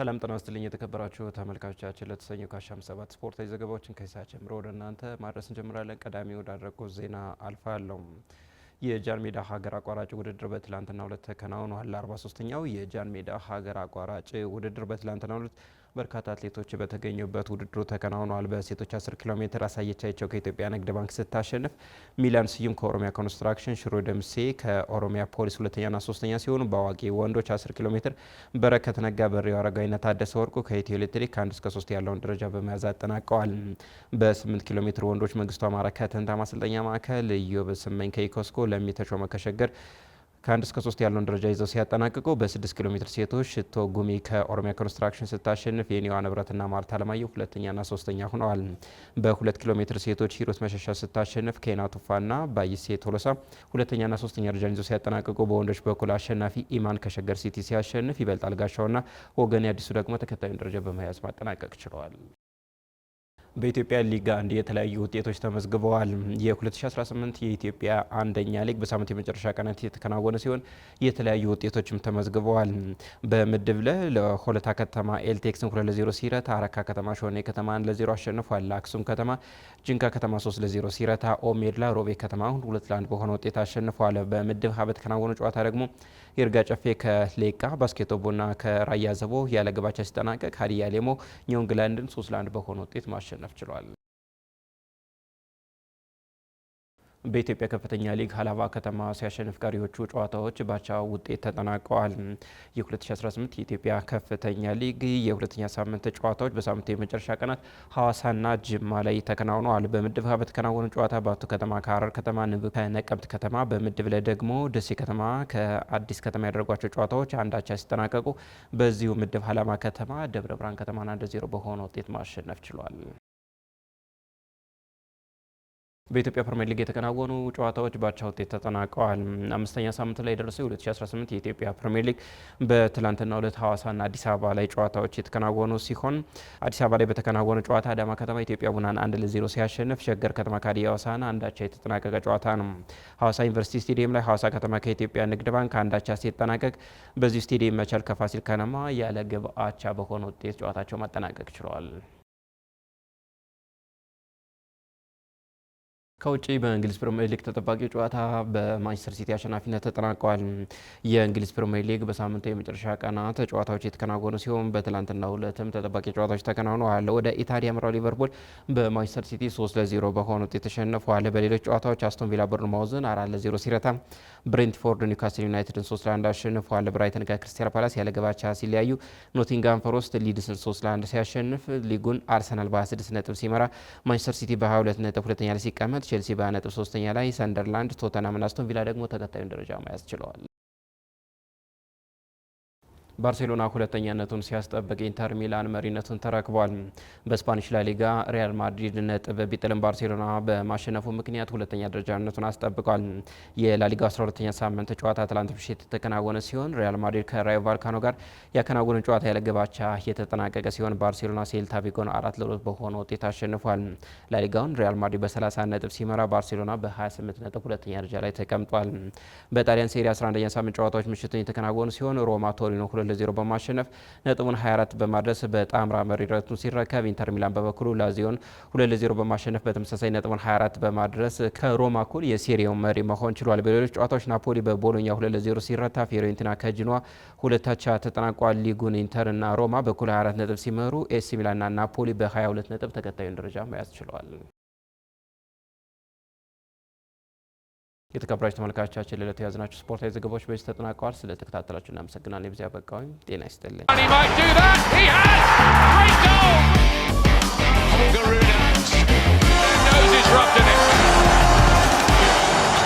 ሰላም ጤና ይስጥልኝ የተከበራችሁ ተመልካቾቻችን፣ ለተሰኘው ካሻም ሰባት ስፖርታዊ ዘገባዎችን ከሳ ጀምሮ ወደ እናንተ ማድረስ እንጀምራለን። ቀዳሚ ወዳደረግኩት ዜና አልፋ አልፋለሁ። የጃን ሜዳ ሀገር አቋራጭ ውድድር በትላንትናው ዕለት ተከናውኗል። 43ኛው የጃን ሜዳ ሀገር አቋራጭ ውድድር በትላንትናው ዕለት በርካታ አትሌቶች በተገኙበት ውድድሩ ተከናውኗል። በሴቶች 10 ኪሎ ሜትር አሳየቻቸው ከኢትዮጵያ ንግድ ባንክ ስታሸንፍ፣ ሚላን ስዩም ከኦሮሚያ ኮንስትራክሽን፣ ሽሮ ደምሴ ከኦሮሚያ ፖሊስ ሁለተኛና ሶስተኛ ሲሆኑ በአዋቂ ወንዶች 10 ኪሎ ሜትር በረከት ነጋ፣ በሬው አረጋዊነት፣ ታደሰ ወርቁ ከኢትዮ ኤሌክትሪክ ከአንድ እስከ ሶስት ያለውን ደረጃ በመያዝ አጠናቀዋል። በ8 ኪሎ ሜትር ወንዶች መንግስቱ አማራ ከተንታ ማሰልጠኛ ማዕከል፣ ኢዮብ ስመኝ ከኢኮስኮ፣ ለሚ ተሾመ ከሸገር ከአንድ እስከ ሶስት ያለውን ደረጃ ይዘው ሲያጠናቅቁ በስድስት ኪሎ ሜትር ሴቶች ሽቶ ጉሚ ከኦሮሚያ ኮንስትራክሽን ስታሸንፍ የኒዋ ንብረትና ማርታ አለማየሁ ሁለተኛና ሶስተኛ ሆነዋል። በሁለት ኪሎ ሜትር ሴቶች ሂሩት መሸሻ ስታሸንፍ ኬና ቱፋና ባይሴ ቶሎሳ ሁለተኛና ሶስተኛ ደረጃን ይዘው ሲያጠናቅቁ በወንዶች በኩል አሸናፊ ኢማን ከሸገር ሲቲ ሲያሸንፍ ይበልጣል ጋሻውና ወገን አዲሱ ደግሞ ተከታዩን ደረጃ በመያዝ ማጠናቀቅ ችለዋል። በኢትዮጵያ ሊግ አንድ የተለያዩ ውጤቶች ተመዝግበዋል። የ2018 የኢትዮጵያ አንደኛ ሊግ በሳምንት የመጨረሻ ቀናት የተከናወነ ሲሆን የተለያዩ ውጤቶችም ተመዝግበዋል። በምድብ ለ ለሆለታ ከተማ ኤልቴክስን 2 ለ0 ሲረታ፣ አረካ ከተማ ሾኔ ከተማ 1 ለ0 አሸንፏል። አክሱም ከተማ ጅንካ ከተማ 3 ለ0 ሲረታ፣ ኦሜድላ ሮቤ ከተማ 2 ለ1 በሆነ ውጤት አሸንፏል። በምድብ ሀ በተከናወኑ ጨዋታ ደግሞ ይርጋ ጨፌ ከሌቃ፣ ባስኬቶ ቡና ከራያ ዘቦ ያለ ግባቻ ሲጠናቀቅ ሀዲያ ሌሞ ኒውንግላንድን 3 ለ1 በሆነ ውጤት ማሸነፍ ችሏል። በኢትዮጵያ ከፍተኛ ሊግ ሀላባ ከተማ ሲያሸንፍ ቀሪዎቹ ጨዋታዎች ባቻ ውጤት ተጠናቀዋል። የ2018 የኢትዮጵያ ከፍተኛ ሊግ የሁለተኛ ሳምንት ጨዋታዎች በሳምንቱ የመጨረሻ ቀናት ሀዋሳና ጅማ ላይ ተከናውነዋል። በምድብ ሀ በተከናወኑ ጨዋታ ባቱ ከተማ ከሀረር ከተማ፣ ንብ ከነቀምት ከተማ፣ በምድብ ላይ ደግሞ ደሴ ከተማ ከአዲስ ከተማ ያደረጓቸው ጨዋታዎች አንዳቻ ሲጠናቀቁ በዚሁ ምድብ ሀላማ ከተማ ደብረ ብርሃን ከተማና አንድ ዜሮ በሆነ ውጤት ማሸነፍ ችሏል። በኢትዮጵያ ፕሪሚየር ሊግ የተከናወኑ ጨዋታዎች በአቻ ውጤት ተጠናቀዋል። አምስተኛ ሳምንት ላይ የደረሰው 2018 የኢትዮጵያ ፕሪሚየር ሊግ በትላንትናው ሁለት ሐዋሳና አዲስ አበባ ላይ ጨዋታዎች የተከናወኑ ሲሆን አዲስ አበባ ላይ በተከናወነ ጨዋታ አዳማ ከተማ ኢትዮጵያ ቡናን አንድ ለዜሮ ሲያሸንፍ፣ ሸገር ከተማ ከአዲ ሐዋሳና አንዳቻ የተጠናቀቀ ጨዋታ ነው። ሐዋሳ ዩኒቨርሲቲ ስቴዲየም ላይ ሐዋሳ ከተማ ከኢትዮጵያ ንግድ ባንክ አንዳቻ ሲጠናቀቅ፣ በዚሁ ስቴዲየም መቻል ከፋሲል ከነማ ያለ ግብ አቻ በሆነ ውጤት ጨዋታቸው ማጠናቀቅ ችለዋል። ከውጭ በእንግሊዝ ፕሪምየር ሊግ ተጠባቂው ጨዋታ በማንቸስተር ሲቲ አሸናፊነት ተጠናቀዋል። የእንግሊዝ ፕሪምየር ሊግ በሳምንቱ የመጨረሻ ቀናት ጨዋታዎች የተከናወኑ ሲሆን በትላንትና ሁለትም ተጠባቂ ጨዋታዎች ተከናውነዋል። ወደ ኢታሊያ ያመራው ሊቨርፑል በማንቸስተር ሲቲ 3 ለ0 በሆነ ውጤት ተሸንፏል። በሌሎች ጨዋታዎች አስቶን ቪላ ቦርንማውዝን 4 ለ0 ሲረታ፣ ብሬንትፎርድ ኒውካስል ዩናይትድን 3 ለ1 አሸንፏል። ብራይተን ከክሪስታል ፓላስ ያለ ግብ አቻ ሲለያዩ፣ ኖቲንጋም ፎረስት ሊድስን 3 ለ1 ሲያሸንፍ፣ ሊጉን አርሰናል በ26 ነጥብ ሲመራ፣ ማንቸስተር ሲቲ በ22 ነጥብ ሁለተኛ ላይ ሲቀመጥ ቼልሲ በ23ኛ ላይ ሰንደርላንድ፣ ቶተናምና አስቶን ቪላ ደግሞ ተከታዩን ደረጃ መያዝ ችለዋል። ባርሴሎና ሁለተኛነቱን ሲያስጠብቅ ኢንተር ሚላን መሪነቱን ተረክቧል። በስፓኒሽ ላሊጋ ሪያል ማድሪድ ነጥብ ቢጥልም ባርሴሎና በማሸነፉ ምክንያት ሁለተኛ ደረጃነቱን አስጠብቋል። የላሊጋ 12ኛ ሳምንት ጨዋታ ትላንት ምሽት የተከናወነ ሲሆን ሪያል ማድሪድ ከራዮ ቫልካኖ ጋር ያከናወነ ጨዋታ ያለገባቻ የተጠናቀቀ ሲሆን ባርሴሎና ሴልታ ቪጎን አራት ለሁለት በሆነ ውጤት አሸንፏል። ላሊጋውን ሪያል ማድሪድ በ30 ነጥብ ሲመራ ባርሴሎና በ28 ነጥብ ሁለተኛ ደረጃ ላይ ተቀምጧል። በጣሊያን ሴሪ 11ኛ ሳምንት ጨዋታዎች ምሽትን የተከናወኑ ሲሆን ሮማ ቶሪኖ ለዜሮ በማሸነፍ ነጥቡን 24 በማድረስ በጣምራ መሪነቱን ሲረከብ ኢንተር ሚላን በበኩሉ ላዚዮን ሁለት ለዜሮ በማሸነፍ በተመሳሳይ ነጥቡን 24 በማድረስ ከሮማ እኩል የሴሪያው መሪ መሆን ችሏል። በሌሎች ጨዋታዎች ናፖሊ በቦሎኛ ሁለት ለዜሮ ሲረታ ፊዮሬንቲና ከጅኗ ሁለታቻ ተጠናቋል። ሊጉን ኢንተር እና ሮማ በኩል 24 ነጥብ ሲመሩ ኤሲ ሚላንና ናፖሊ በ22 ነጥብ ተከታዩን ደረጃ መያዝ ችለዋል። የተከበራችሁ ተመልካቾቻችን ለዕለቱ የያዝናችሁ ስፖርታዊ ዘገባዎች በዚህ ተጠናቀዋል። ስለተከታተላችሁ እናመሰግናለን። የብዚያ በቃውኝ ጤና ይስጥልኝ።